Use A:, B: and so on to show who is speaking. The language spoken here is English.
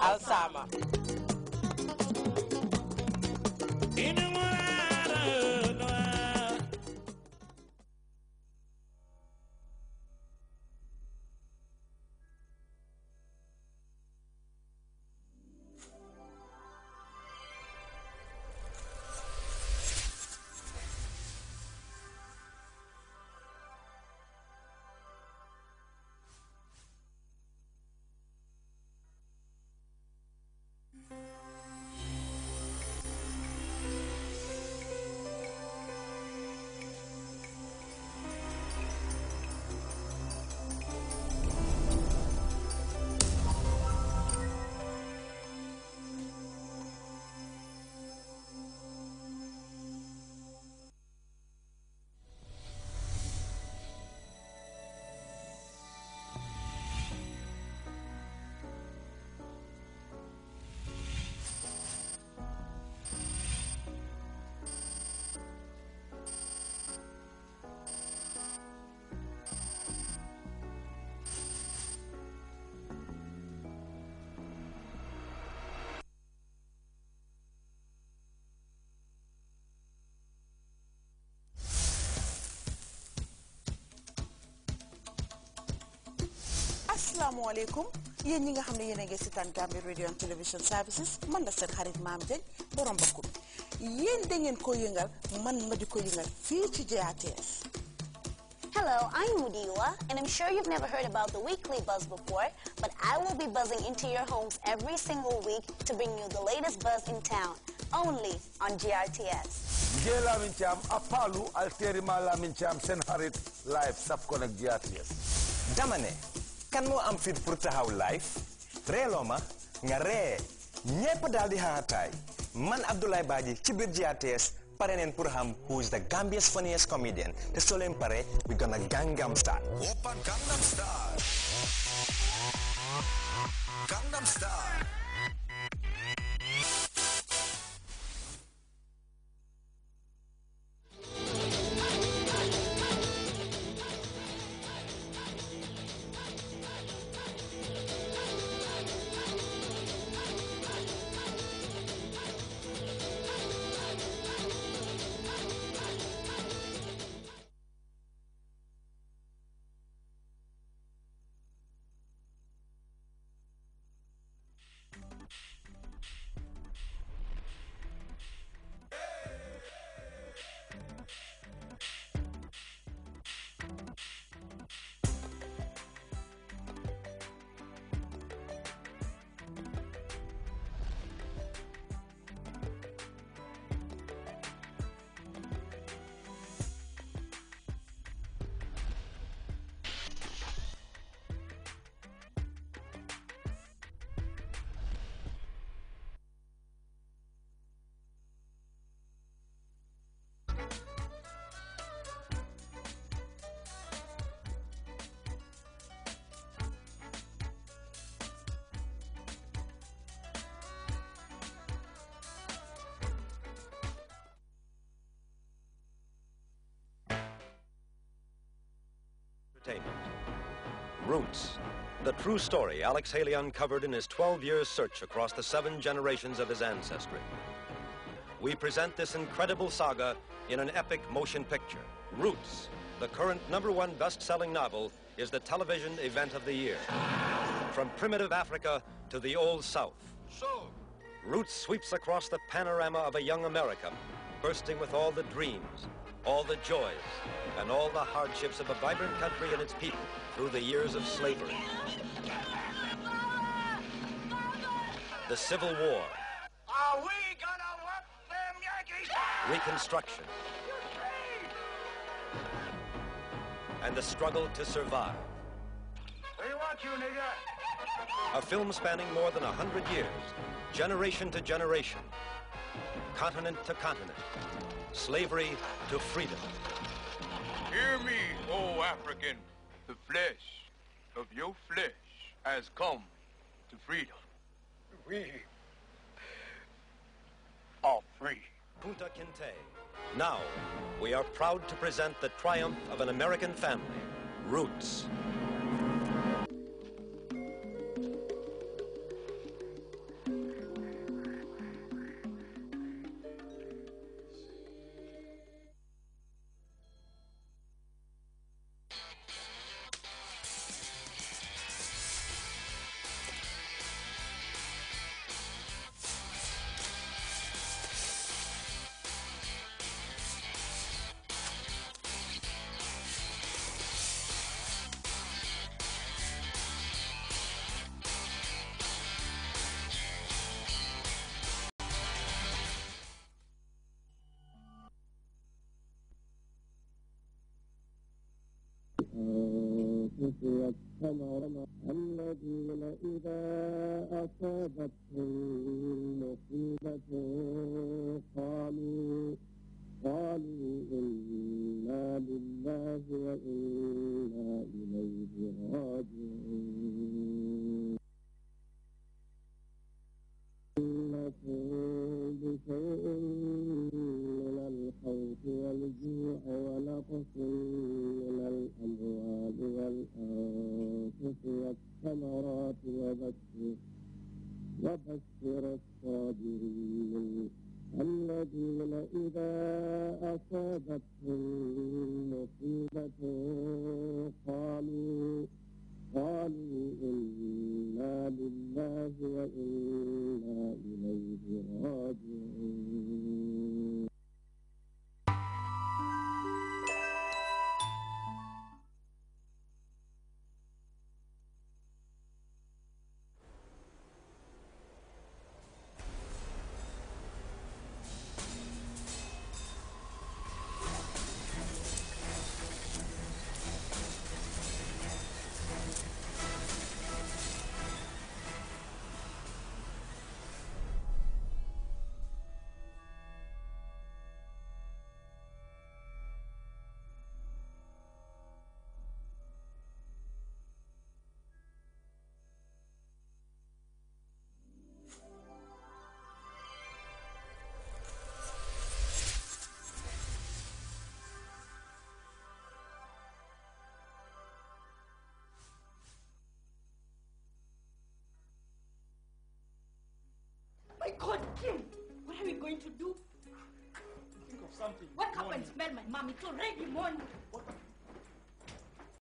A: Alçama.
B: asalaamaaleykum yéen ñi nga xam yéen a ngi seetaan radio and television services man la seen xarit maam Dieng borom bakkum yéen
A: da ngeen ko yëngal man ma di ko yëngal fii ci JRTS. Hello, I'm Mudiwa, and I'm sure you've never heard about the weekly buzz before, but I will be buzzing into your homes every single week to bring you the latest buzz in town, only on GRTS.
B: Jay Lamin Cham, Apalu, Alterima Lamin Cham, Senharit, Live, Subconnect GRTS. Damane, kan mo am fit pour taxaw live reloma loma nga ree ñepp dal di haatay man Abdoulaye Badji ci bir jats parenen pour ham who is the Gambia's funniest comedian te soo pare we gonna Gangnam opa Gangnam Star. Gangnam star entertainment. Roots, the true story Alex Haley uncovered in his 12 years search across the seven generations of his ancestry. We present this incredible saga in an epic motion picture. Roots, the current number one best-selling novel, is the television event of the year. From primitive Africa to the Old South. So. Roots sweeps across the panorama of a young America bursting with all the dreams, all the joys, and all the hardships of a vibrant country and its people through the years of slavery. The Civil War.
A: Are we gonna them
B: Yankees? Reconstruction. And the struggle to survive. We want you, A film spanning more than a hundred years, generation to generation, continent to continent, slavery to freedom. Hear me, O African. The flesh of your flesh has come to freedom. We are free. Punta Kinte. Now, we are proud to present the triumph of an American family, Roots.
A: الشمس الذين إذا أصابتهم مصيبة قالوا قالوا إنا لله وإنا إليه راجعون وبشر الصابرين الذين إذا أصابتهم مصيبة قالوا قالوا إنا لله وإنا إليه راجعون
B: to do? Think of something. Wake up and smell my mommy. It's already morning. What